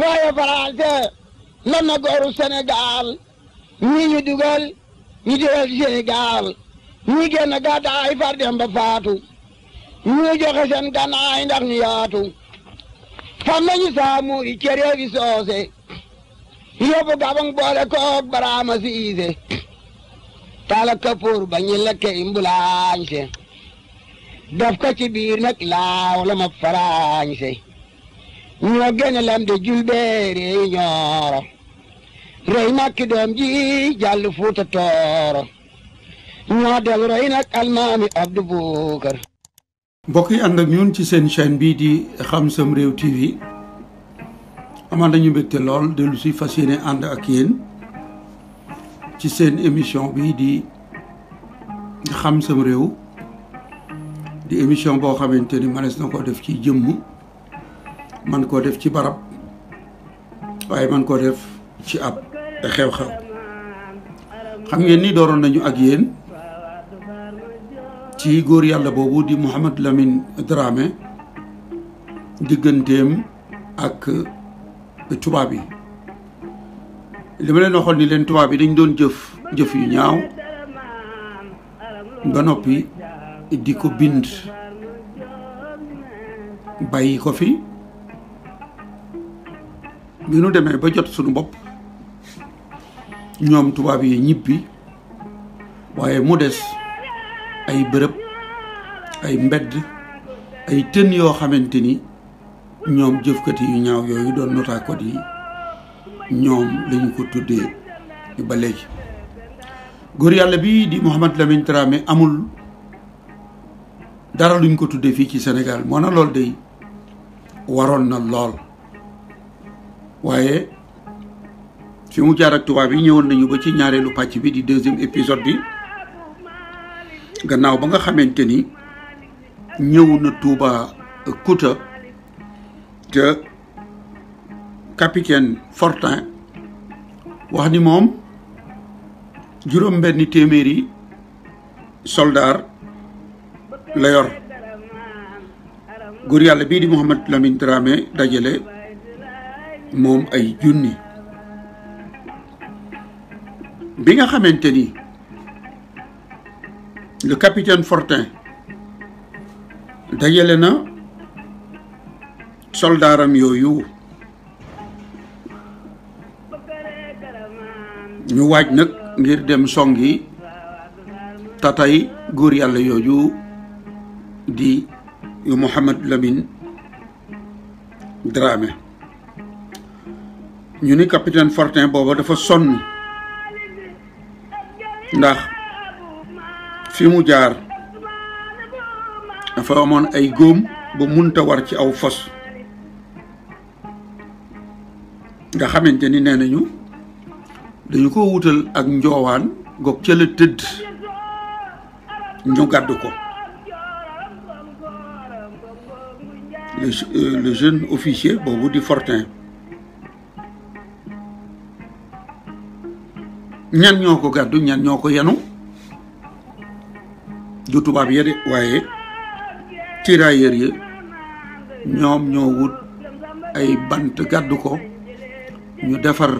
waaye Faranse man na gooru Sénégal ñii ñu dugal ñu dugal Sénégal ñii génn gàddaay far dem faatu ñii joxe seen gànnaay ndax ñu yaatu fam nañu saamuur yi cëree fi soose yóbbu gabang boole koog baraama siise tala kapoor ba ñi lekke imbulaañse daf ko ci biir nag laaw la ma faraañse ñoo lamde a lam de julbeeri eh, ñooro rey ji jall futa tooro ñoo del rey kalmami almaami abdu buukar mbokk yi ànd ak ñun ci sen chaîne bi di xam sam tv amaan nañu mbégte lol de si fas yéene ànd ak ci sen émission bi di xam sam di émission bo xamante ni manes na def ci jëmm man ko def ci barab waye man ko def ci ab xew-xew xam ngeen ni doron nañu ak yeen ci gor yalla bobu di mohammed Lamine Dramé digganteem ak tuba bi li ma leen ni len tuba bi dañ doon jëf jëf yu ñaaw ba nopi di bind bayiko fi bi nu demee ba jot suñu bopp ñoom tubaab yi ñibbi waaye mu des ay bërëb ay mbedd ay tën yoo xamante ni ñoom jëfkat yu ñaaw yooyu doon notaakot yi ñoom lañu ko tuddee ba léegi góor yàlla bi di Mouhamed Lamine Dramé amul dara luñ ko tuddee fii ci senegal moo na lool day waroon na lool waaye fi mu jaar ak tubaab yi ñëwoon nañu ba ci ñaareelu pàcc bi di deuxième épisode bi gannaaw ba nga xamante ni ñëw na Touba Kouta te capitaine Fortin wax ni moom juróom benni téeméeri soldaar la yor góor yàlla bii di Mouhamed Lamine Dramé dajale moom ay junni bi nga xamante ni le capitaine Fortin dajale na soldaaram yooyu ñu waaj nag ngir dem songi tatay góor yàlla yooyu di yu Mouhamed Lamine ñu ni capitaine fortin Bobo dafa sonni ndax fi mu jaar dafa amoon ay góom bu munta war ci aw fos nga xamante ni nee nañu dañu ko wutal ak njoowaan gog ca la tëdd ñu gàdd ko euh, le jeune officier boobu di fortin ñan ñoo ko gàddu ñan ñoo ko yenu du tubaab ya de waaye tirailleurs yi ñoom ñoo wut ay bant gàddu ko ñu defar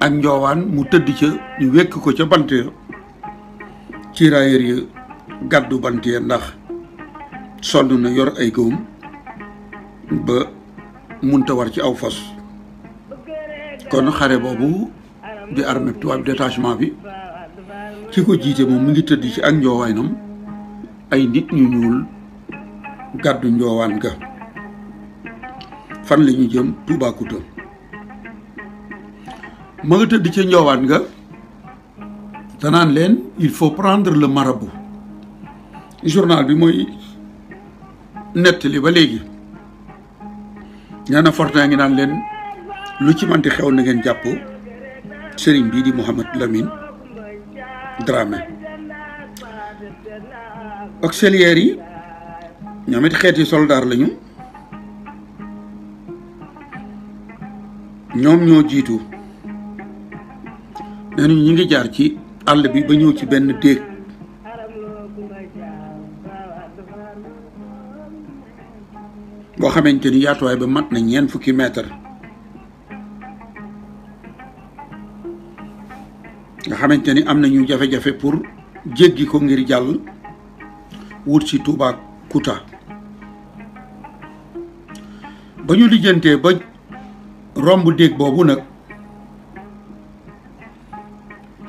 ak njoowaan mu tëdd ca ñu wékk ko ca bant ya tirailleurs yi gàddu bant ya ndax sonn na yor ay gëwum ba munta war ci aw fas kon xare boobu di armée tubaab détachement bi ki ko jiite moom mi ngi tëdd ci ak njoowaanam ay nit ñu ñuul gàddu njoowaan ga fan la ñu jëm Toubacouta ma nga tëdd ci njoowaan ga danaan leen il faut prendre la marabout journal bi mooy nettali ba léegi nee na Fortin ngi naan leen lu ci manti xew na ngeen jàpp sëriñ bii di Mouhamad Lamine Dramé auxiliaires yi ñoom it xeeti soldaar lañu ñoom ñoo jiitu nee ñu ngi jaar ci àll bi ba ñëw ci benn déeg boo xamante ni yaatuwaay ba mat na ñeent fukki meetar nga xamante ni am nañu jafe-jafe pour jéggi ko ngir jàll wut si Touba Kouta ba ñu lijjantee ba romb déeg boobu nag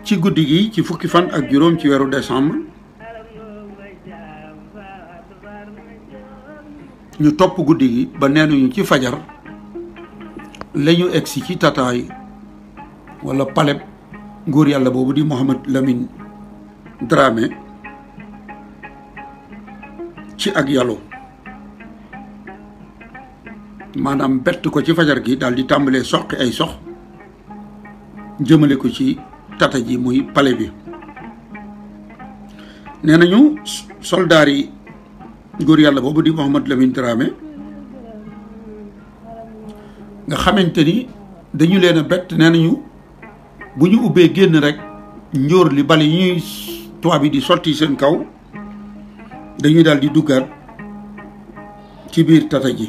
ci guddi gi ci fukki fan ak juróom ci weeru décembre ñu topp guddi gi ba neenuñu ci fajar lañu egsi ci tataay wala paleb nguur yàlla boobu di Mouhamed Lamine Dramé ci ak yàllu maanaam bett ko ci fajar gi daal di tàmbalee soqi ay sox jëmale ko ci tata ji muy pale bi nee nañu soldaar yi góor yàlla boobu di Mouhamed Lamine Dramé nga xamante ni dañu leen a bett nee nañu buñu ñu ubbee génn rek ñoor li bale yi ñuy tubaab yi di sorti seen kaw dañuy dal di duggaat ci biir tata ji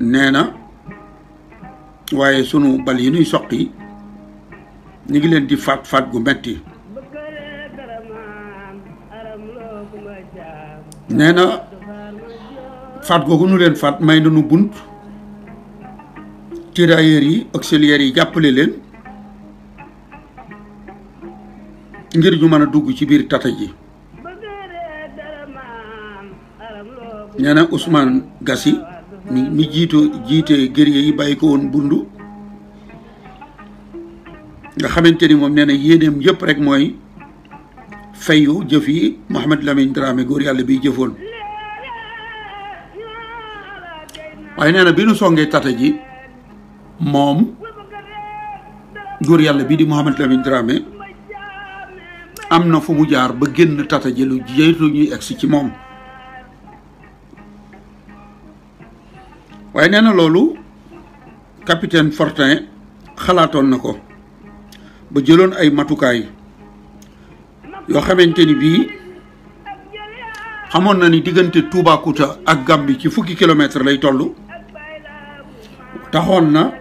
nee na waaye sunu bal yi nuy soqi ñu ngi leen di faat faat gu metti nee na faat googu leen faat may bunt tirailleurs yi auxiliaires yi jappelé len ngir ñu mëna tataji. dugg ci biir tata ji ñana Ousmane Gassi mi jité guerrier yi bayiko won bundu nga xamanteni mom neena yeneem yep rek moy fayu jëf yi mohammed Lamine Dramé góor yalla bi jëfoon ay neena bi nu songé tata ji moom góor yàlla bii di Mouhamed Lamine Dramé am na fu mu jaar ba génn tata jëlu jeytu ñuy egsi ci moom waaye nee na loolu capitaine Fortin xalaatoon na ko ba jëloon ay matukaay yoo xamante ni bii xamoon na ni diggante Toubacouta ak Gambie ci fukki kilomètre lay toll taxoon na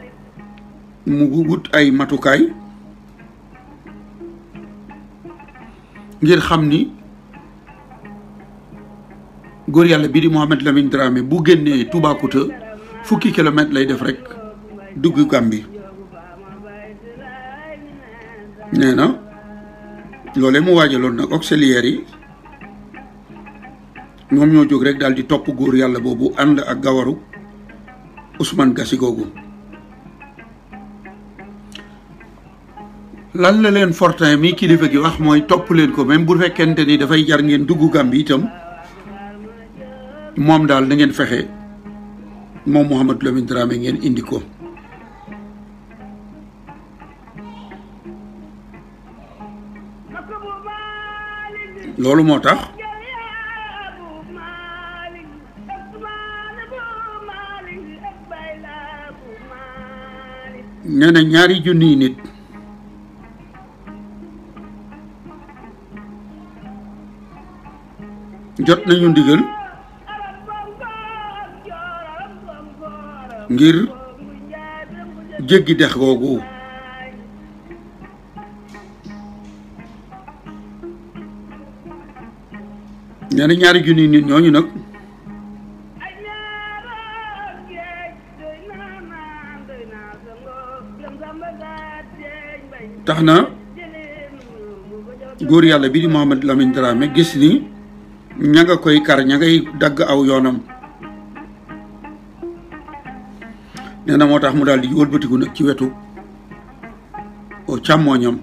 mu wut ay matukaay ngir xam ni góor yàlla bii di Mouhamed Lamine Dramé bu génnee Toubacouta fukki kilomètre lay def rek dugg gambi nee na loolee mu waajaloon nag auxiliaire yi ñoo jóg rek daal di topp góor yàlla boobu ànd ak gawaru Ousmane Gasi googu lan la leen Fortin mi kilifa gi wax mooy topp leen ko même bu fekkente ni dafay jar ngeen dugg Gàmbi itam moom daal na fexe moom Mouhamadou Lamine Dramé ngeen indi ko. loolu moo tax nee ñaari junniy nit. jot nañu ndigal ngir jéggi dex googu nee na ñaari junni nit ñooñu nag tax na góor yàlla bi di Mouhamed Lamine Dramé gis ni ña nga koy kar ña ngay dagg aw yoonam nee na moo tax mu daal di wëlbatiku nag ci wetu càmmooñam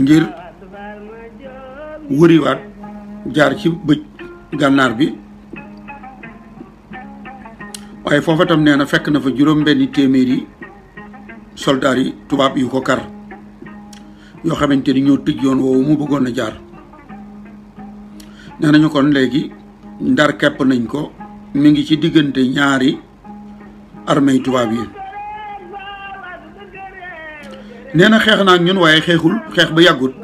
ngir wëriwaat jaar ci bëj gànnaar bi waaye foofa tam na fekk na fa juróom-benni téeméeri soldaar tubaab yu ko kar yo xamanteni ñoo tëj yoon woowu mu bëggoon na jaar nee nañu kon léegi ndar kepp nañ ko mi ngi ci diggante ñaari armée tubaab yi nee na xeex naag ñun waaye xeexul xeex ba yàggut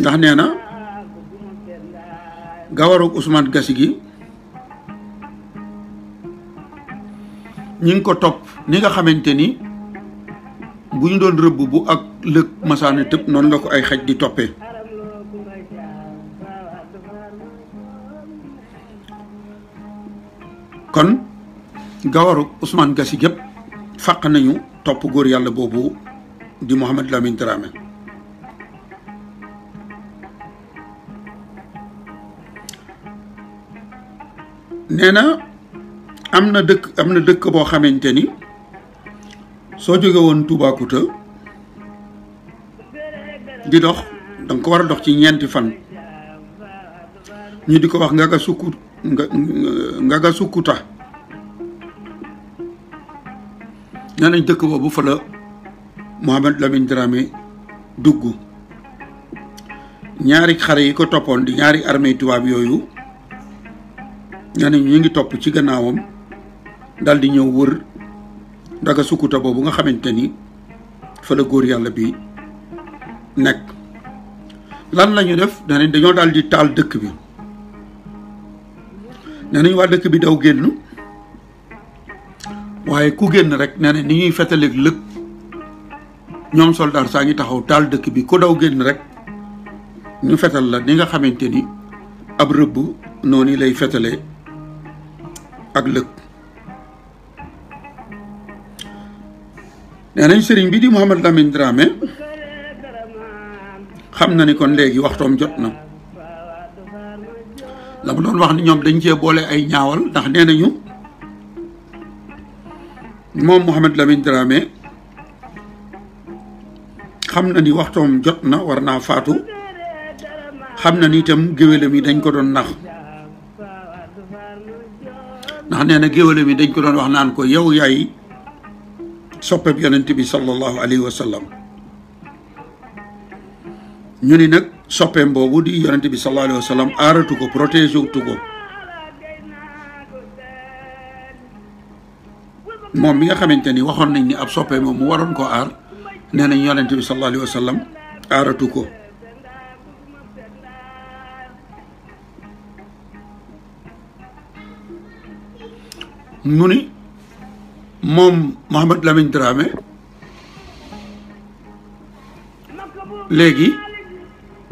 ndax nee na gawarug Ousmane gi ñi ko topp ni nga xamante bu ñu doon rëbb bu ak lëg masaane tëb noonu la ko ay xaj di toppee kon gawaru Ousmane Gassi gépp fàq nañu topp góor yàlla boobu di Mouhamed Lamine Dramé nee na am na dëkk am na dëkk boo xamante ni joge won touba kouta di dox dang ko wara dox ci ñenti fan ñu di ko wax ngaga sukku ngaga sukkuta nee nañ dëkk boobu fa la mohammed Lamine Dramé duggu ñaari ko di ñaari armée touba bi yoyu ñi ngi top ci gannaawam dal di ñew wër daga sukkuta boobu nga xamante ni fa la góor yàlla bi nekk lan lañu def nee nañ dañoo daal di taal dëkk bi nee nañu waa dëkk bi daw génn waaye ku génn rek nee nañ ni ñuy fetaleeg lëg ñoom soldaar saa ngi taxaw taal dëkk bi ku daw génn rek ñu fetal la ni nga xamante ni ab rëbb noonu lay fetale ak lëg nee nañ sëriñ bi di Mouhamed Lamine Dramé xam na ni kon léegi waxtoom jot na la doon wax ni ñoom dañ cee boole ay ñaawal ndax nee ñu moom Mouhamed Lamine Dramé xam na ni waxtoom jot na war naa faatu xam na ni itam géwélam yi dañ ko doon nax ndax nee na géwélam yi dañ ko doon wax naan ko yow yaay soppeb yonent bi sallallahu alayhi wa sallam ñu ni nag soppeem boobu di yonent bi sallallahu alayhi wa aaratu ko protégé wutu ko moom mi nga xamante ni waxoon nañ ni ab soppeem moom mu waroon koo aar nee nañ yonent bi sallallahu alayhi wa aaratu ko mu ni mom Muhammad Lamine Dramé légui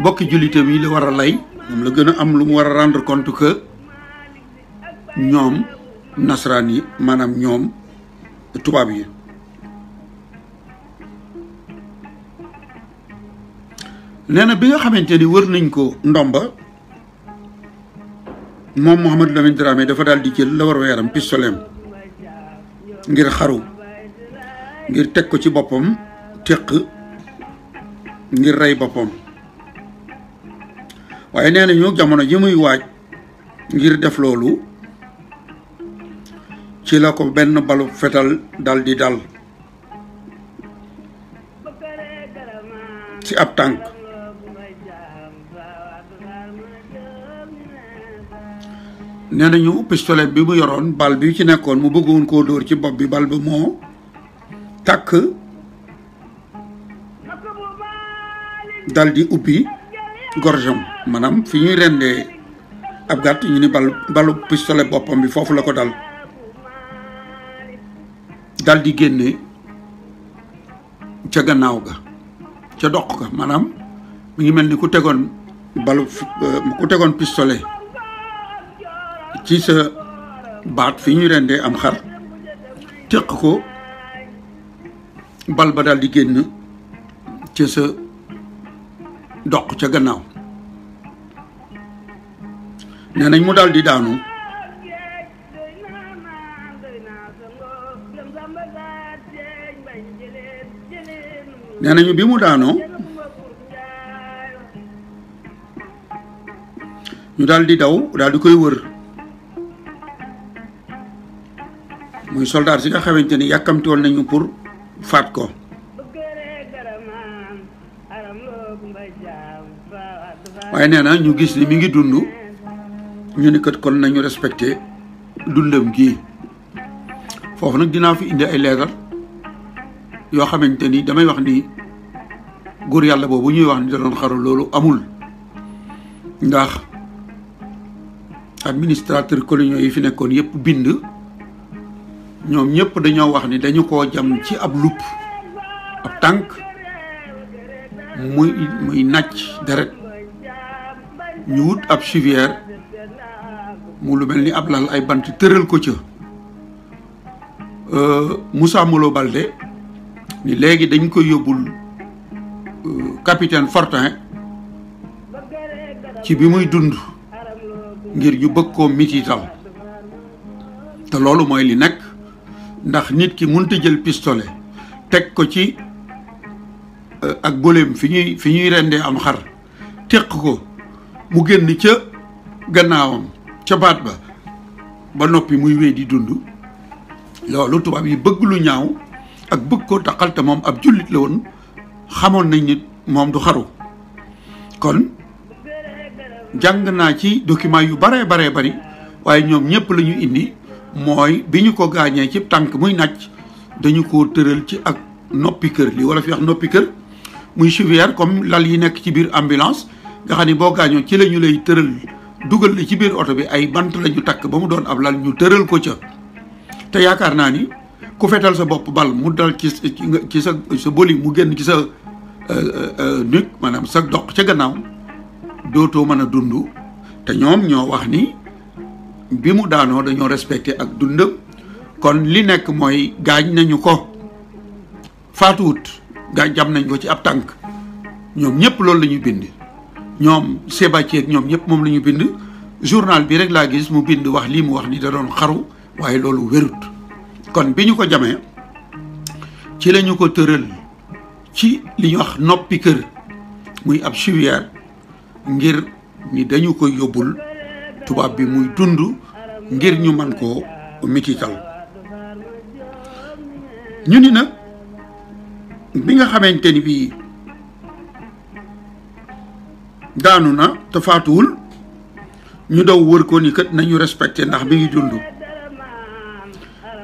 bokki julité mi la wara lay mom la gëna am lu mu wara rendre compte que ñom nasrani manam ñom tubab yi nee bi nga xamanteni wër nañ ko ndomba mom mohammed Lamine Dramé dafa daldi jël la war ngir xaru ngir teg ko ci boppam téq ngir rey boppam waaye nee nañu jamono ji muy waaj ngir def loolu ci la ko benn balu fetal dal di dal ci ab tànk nee nañu pistolet bi mu yoroon bal bi ci nekkoon mu bëggoon koo dóor ci bopp bi bal bi moo takk dal di ubbi gorjam maanaam fi ñuy rendee ab gàtt ñu ni balu pistolet boppam bi foofu la ko dal dal di génne ca gannaaw ga ca doq ga maanaam mu ngi mel ni ku tegoon balu euh, ku tegoon pistole ci sa baat fi ñu rendee am xar téq ko bal ba daal di génn ca sa doq ca gannaaw nee nañ mu daal daanu nee nañu bi mu daanoo ñu daal di daw daal di koy wër muy soldat si nga xamante ni yàkkamti woon nañu pour faat ko waaye nee na ñu gis ni mi ngi dund ñu ni kon nañu respecté dundam gi foofu nag dinaa fi indi ay leeral yoo xamante ni damay wax ni góor yàlla boobu ñuy wax ni da doon xaru loolu amul ndax administrateur coloniaux yi fi nekkoon yëpp bind ñoom ñëpp dañoo wax ni dañu koo jam ci ab lupp ab tànk muy muy nacc deret ñu wut ab civière mu lu mel ab lal ay bant tëral ko ca euh, Moussa Molo Balde ni léegi dañ ko yóbbul euh, capitaine Fortin ci bi muy dund ngir ñu bëgg koo mitital te loolu mooy li ndax nit ki munta jël pistolet tek ko ci euh, ak golem fi ñuy fi ñuy rendé am xar tek ko mu génn ci gannaawam ca baat ba ba noppi muy wéy di dund loolu tubaab yi bëgg lu ñaaw ak bëgg ko taxal te moom ab jullit la woon xamoon nañ nit moom du xaru kon jàng naa ci document yu bare bare bari waaye ñoom ñëpp la ñu indi mooy bi ñu ko gaañee ci tànk muy nàcc dañu ko tëral ci ak noppi kër li wala fi wax noppi kër muy civière comme lal yi nekk ci biir ambulance nga xam ni boo gaañoo ci la ñu lay tëral dugal li ci biir oto bi ay bant la ñu takk ba mu doon ab lal ñu tëral ko ca te yaakaar naa ni ku fetal sa bopp bal mu dal ci ci sa sa boli mu génn ci sa euh, euh, euh, nuque maanaam sa doq ca gannaaw dootoo mën a dund te ñoom ñoo wax ni bi mu daanoo dañoo respecté ak dund kon li nekk mooy gaañ nañu ko faatuwut gaañ jam nañ ko ci ab tànk ñoom ñëpp loolu la ñu bind ñoom Sébatier ñoom ñëpp moom la bind journal bi rek laa gis mu bind wax lii mu wax ni da doon xaru waaye loolu wérut kon bi ñu ko jamee ci lañu ko tëral ci li ñuy wax noppi kër muy ab civière ngir ni dañu ko yóbbul tubab bi muy dundu ngir ñu man ko mikikal ñu ni nag bi nga xamanteni bi daanu na te faatuwul ñu daw wër ko ni kat nañu respecté ndax bi ngi dundu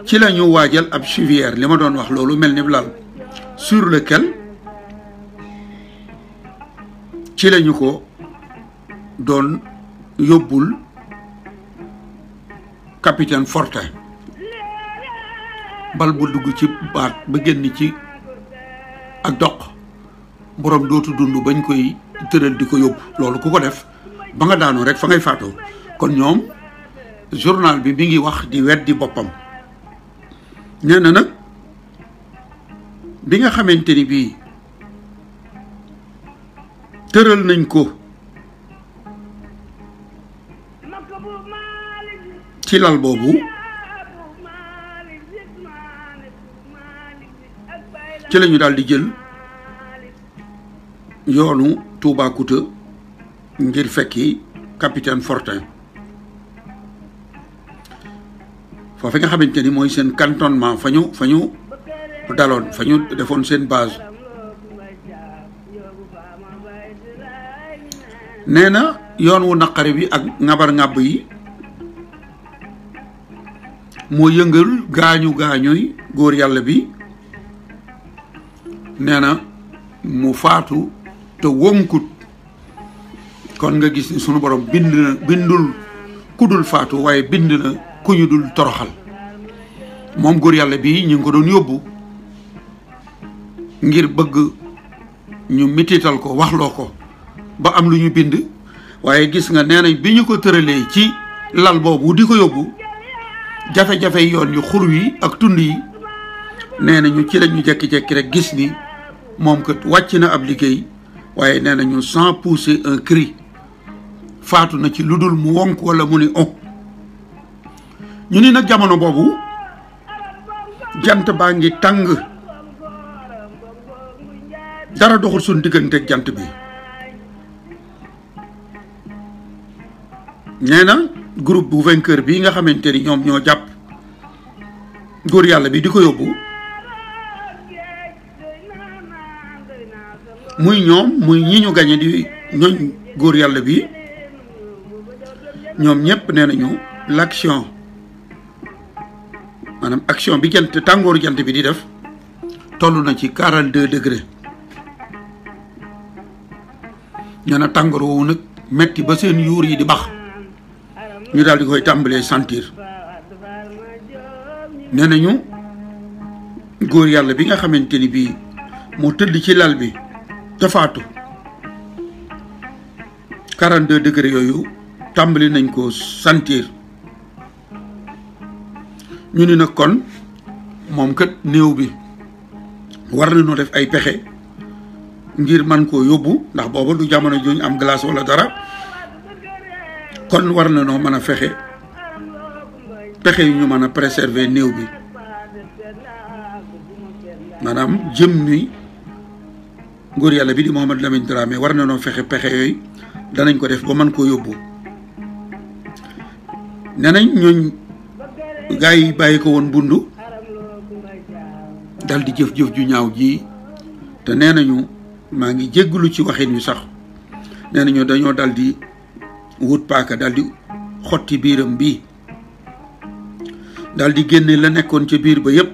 ci lañu ab civière li ma doon wax loolu mel ni sur lequel ci lañu ko doon yóbbul capitaine Forte, bal bu dugg ci baat ba génn ci ak doq borom dootu dund bañ koy tëral di ko yóbbu loolu ku ko def ba nga daanoo rek fa ngay faatoo kon ñoom journal bi mi ngi wax di weddi boppam nee na nag bi nga xamante ni bii nañ ko ci lal boobu ci lañu daal di jël yoonu Toubacouta ngir fekki capitaine Fortin foofu nga xamante ni mooy seen cantonnement fa ñu fa ñu daloon fa ñu defoon seen base nee na yoon bi ak ngabar ngàbb yi moo yëngal gaañu gaañuy góor yàlla bi nee na mu faatu te wonkut kon nga gis ni sunu borom bind na bindul ku dul faatu waaye bind na ku ñu dul toroxal moom góor yàlla bi ñu ngi ko doon yóbbu ngir bëgg ñu mitital ko wax loo ko ba am lu ñu bind waaye gis nga nee nañ bi ñu ko tëralee ci lal boobu di ko yóbbu jafe-jafe yoon yu xur wi ak tund yi nee nañu ci lañu jekki-jekki rek gis ni moom kat wàcc na ab liggéey waaye nee nañu sans pousser un cri faatu na ci lu dul mu wonk wala mu ni on oh. ñu ni nag jamono boobu jant baa ngi tàng dara doxul suñ diggante jant bi nee na groupe bu vainqueur bi nga xamante ni ñoom ñoo jàpp góor yàlla bi di ko yóbbu muy ñoom muy ñi ñu gañe di ñooñ góor yàlla bi ñoom ñëpp nee nañu l'action maanaam action bi jant tàngooru jant bi di def toll na ci quarante deux degré ñoo na tàngoor woowu nag metti ba seen yuur yi di bax ñu daal di koy tàmbalee sentir nee nañu góor yàlla bi nga xamante ni bii moo tëdd ci lal bi tafaatu 42 degré yooyu tàmbali nañ ko sentir ñu ni nag kon moom kat néew bi war nañoo def ay pexe ngir man koo yóbbu ndax booba du jamono juñ am glace walla dara kon war na noo mën a fexe pexe ñu mën a préserver néew bi maanaam jëm ni nguur yàlla bi di Mohamed Lamine Dramé war na noo fexe pexe yooyu danañ ko def ba man koo yóbbu nenañ ñooñ yi bàyyi ko woon bundu dal di jëf-jëf ju ñaaw ji te nee nañu maa ngi jégglu ci waxin ñu sax nee nañu dal di wut paaka daal xotti biiram bii daldi di génne la nekkoon ca biir ba yépp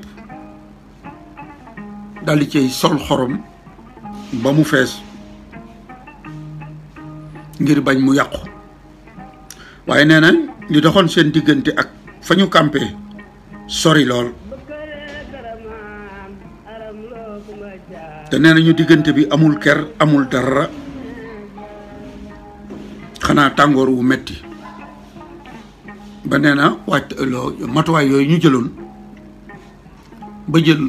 daldi di cay sol xorom ba mu fees ngir bañ mu yàqu waaye nee na li doxoon seen diggante ak fa ñu campé sori lool te nee na ñu diggante bi amul ker amul dara xana tangor wu metti ba nee na wàcc matuwaay yooyu ñu jëloon ba jël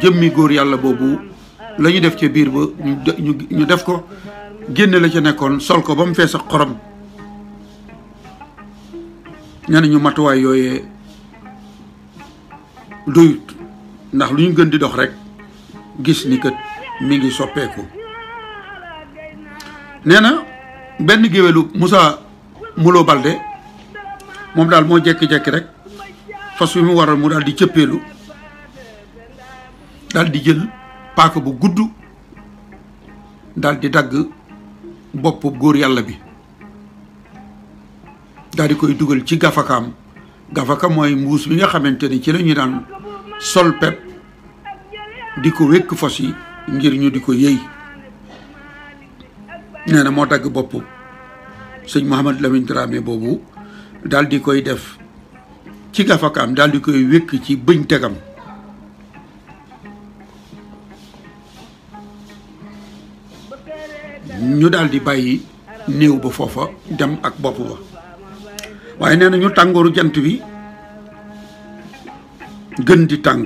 jëmmi góor yàlla boobu la ñu def ca biir ba ñu ñu def ko génne la ca nekkoon sol ko ba mu ak xorom ñu matuwaay yooyee doyut ndax lu ñu gën di dox rek gis ni kat mi ngi soppeeku nee benn géwélu Moussa mulo Balde moom daal moo jekki-jekki rek fas wi mu waral mu daal di cëppeelu daal di jël paaka bu gudd dal di dagg bopp góor yàlla bi daal di koy dugal ci gafakaam gafaka mooy mbuus bi nga xamante ni ci la ñu sol pep di ko wékk fas yi ngir ñu di ko yëy nee na moo dagg sëñ Mouhamad Lamine Dramé boobu daldi koy def ci gafakaam daal di koy wékk ci bëñ tegam ñu daldi di bàyyi néew ba foofa dem ak bopp ba waaye nee na ñu tàngooru jant bi gën di tàng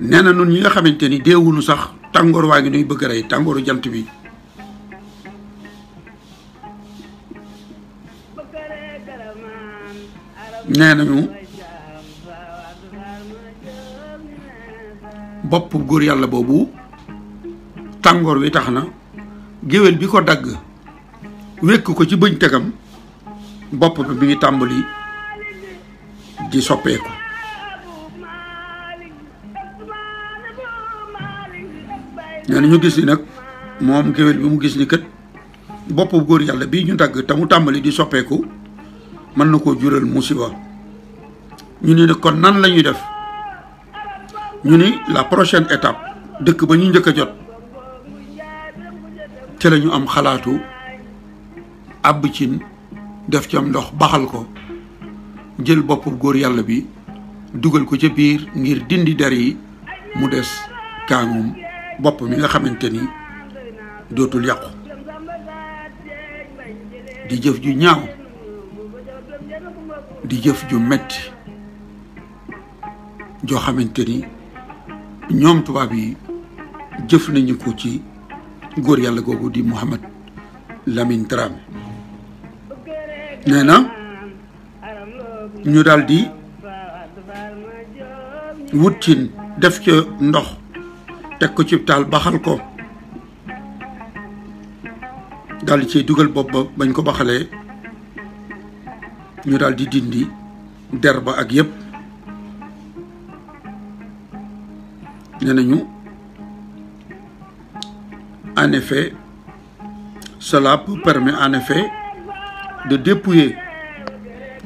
nee na nun ñi nga xamante ni deewunu sax tangor waa ngi nuy bëgg ray tangoru jant bi nee nañu bopp góor yàlla boobu tàngoor wi taxna na bi ko dag wekk ko ci bëñ tegam bop bi mi ngi tambali di soppeku nee ñu gis ni nag moom géwél bi mu gis ni kat bopp góor yàlla bii ñu tàgg te mu tàmbali di soppeeku mën na koo jural musiba ñu ni kon nan la ñuy def ñu ni la prochaine étape dëkk ba ñu njëkk a jot ci la ñu am xalaatu àbb cin def ci am ndox baxal ko jël boppu góor yàlla bi dugal ko ca biir ngir dindi der yi mu des kaangum bopp mi nga xamante ni dootul yàqu di jëf ju ñaaw di jëf ju metti joo xamante ni ñoom tubaab yi jëf nañu ko ci góor yàlla googu di Mouhamad Lamine Dramé nee na ñu daldi di wut ci def ca ndox teg ko ci tal baxal ko dal ci ciy bop bañ ko baxalé ñu dal di dindi derba ak yépp nee en effet cela peut permet en effet de dépouiller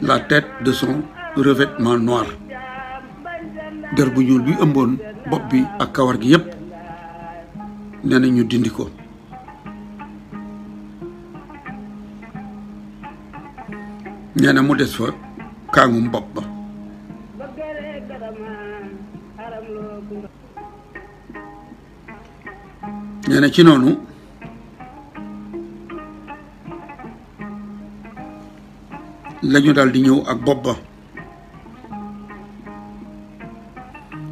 la tête de son revêtement noir der bu ñuul bi ëmboon bop bi ak kawar gi yépp nee na ñu dindi ko nee na mu des fa kaangum bopp ba nee na ci noonu lañu daal di ñëw ak bopp ba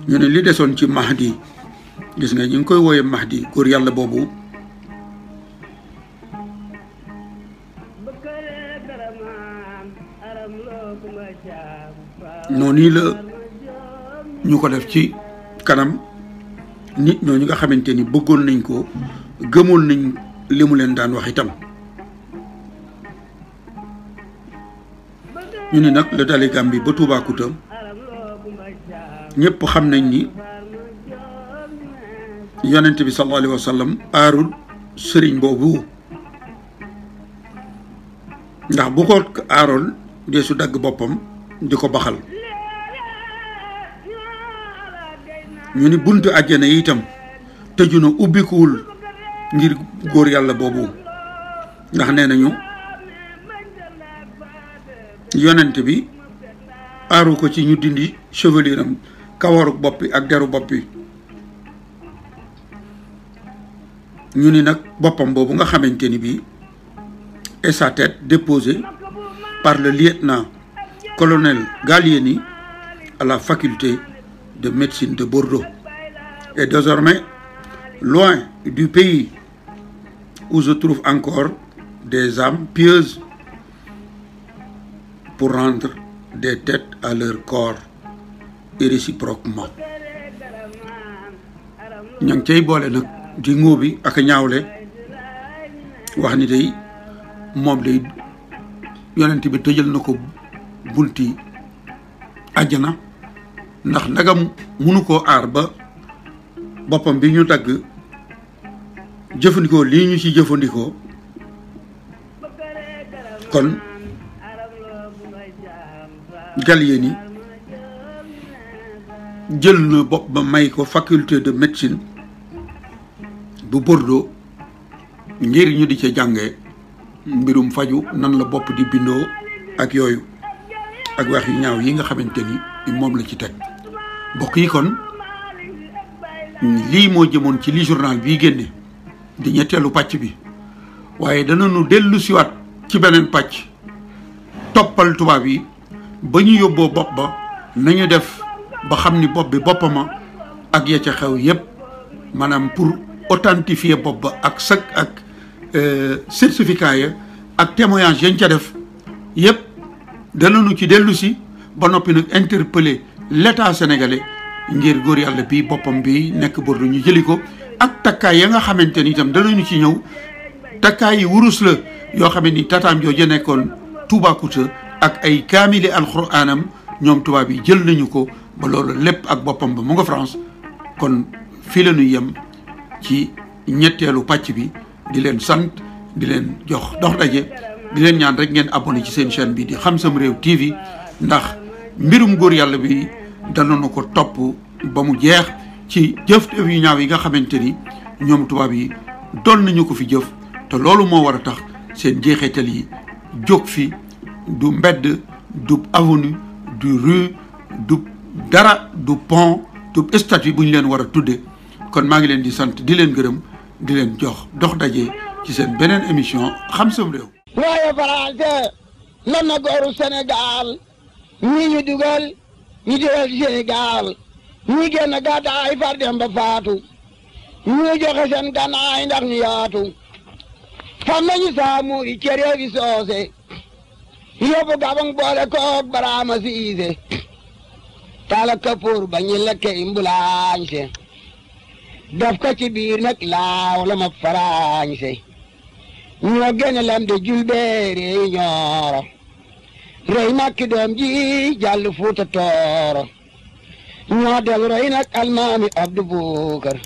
ñu ne li desoon ci Mahdi gis nga ñu ngi koy max Mahdi góor yàlla boobu noonu nii la ñu ko def ci kanam nit ñooñu nga xamante ni bëggoon nañ ko gëmoon nañ li mu leen daan wax itam ñu ni nag la dale Gàmbi ba Toubacouta ñëpp xam nañ ni yonent bi sallallahu alayhi wa aarul sëriñ boobu ndax bu ko aarool dee su dagg boppam di ko baxal ñu ni buntu àjjana yi itam tëju na ubbikuwul ngir góor yàlla boobu ndax nee nañu yonent bi aaru ko ci ñu dindi chevelure am kawaru ak deru bopp bi et sa tête déposée par le lieutenant-colonel Galieni... à la faculté de médecine de Bordeaux et désormais loin du pays où se trouvent encore des âmes pieuses pour rendre des têtes à leur corps et réciproquement di bi ak a ñaawle wax ni day moom day yonent bi tëjal na ko bunti na ndax ndagam munu koo aar ba boppam bi ñu dagg jëfandikoo lii ñu ci jëfandikoo kon Gallieni jël na bopp ba may ko faculté de médecine du bordeaux ngir ñu di ci jàngee mbirum faju nan la bopp di bindoo ak yooyu ak wax yu ñaaw yi nga xamante ni moom la ci teg bokk yi kon lii moo jëmoon ci li journal bii génne di ñetteelu pàcc bi waaye dananu dellu siwaat ci beneen pàcc toppal tubaab yi ba ñu yóbboo bopp ba nañu def ba xam ni bopp bi boppama ak ya ca xew yépp maanaam pour authentifier bopp ba ak sag ak euh, certificat ya ak témoignage yañ ca def yëpp danañu ci dellu si ba noppi nag interpeller l'état sénégalais ngir góor yàlla bi boppam bi nekk Bordeaux ñu jëli ko ak takkaay ya nga xamante ni itam danañu ci ñëw takkaay yi wurus la yoo xam ni tataam jooju nekkoon Toubacouta ak ay kaamili alxuraanam ñoom tubaab yi jël nañu ko ba loolu lépp ak boppam ba mu nga France kon fii la yem. ci ñetteelu pàcc bi di leen sant di leen jox dox daje di leen ñaan rek ngeen abonné ci seen chaîne bi di Xam Sam Réew TV ndax mbirum góor yàlla bi danoona ko topp ba mu jeex ci jëf yu ñaaw yi nga xamante ni ñoom tubaab yi doon nañu ko fi jëf te loolu moo war a tax seen jeexeetal yi jóg fi du mbedd du avenue du rue du dara du pont du statue bu ñu leen war a tudde kon maa ngi leen di sant di leen gërëm di leen jox dox daje ci seen beneen émission xam sam réew waaye français lan na gooru Sénégal ñi ñu dugal ñu dugal Sénégal ñi génn gàddaay far dem ba faatu ñu joxe seen gànnaay ndax ñu yaatu fan nañu saamu yi cëree bi soose yóbbu gabang boole koog baraama siise tala kapoor ba ñu lekke imbulaañse daf ko ci biir nag laaw la ma faraañse ñoo gën a lam de julbeere yi ñooro rey màkk doom ji jàll fuuta tooro ñoo del roy nag almaami Abdu Bukar